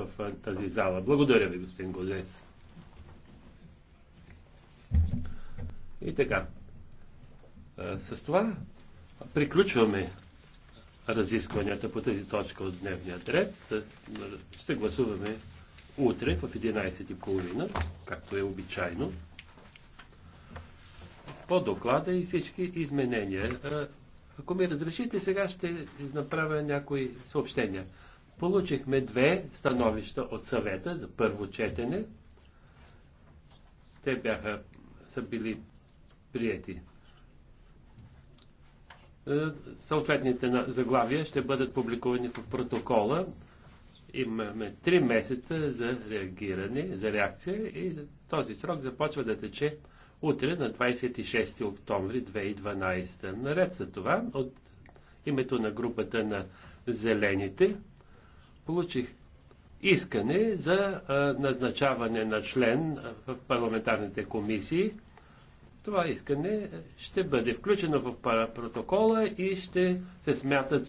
в тази зала. Благодаря ви, господин Гозес. И така. С това приключваме разискванията по тази точка от дневния ред. Ще гласуваме утре в 11.30, както е обичайно, по доклада и всички изменения. Ако ми разрешите, сега ще направя някои съобщения. Получихме две становища от съвета за първо четене. Те бяха, са били прияти. Е, съответните заглавия ще бъдат публикувани в протокола. Имаме три месеца за реагиране, за реакция и този срок започва да тече утре на 26 октомври 2012. Наред с това, от името на групата на зелените, получих искане за назначаване на член в парламентарните комисии. Това искане ще бъде включено в протокола и ще се смятат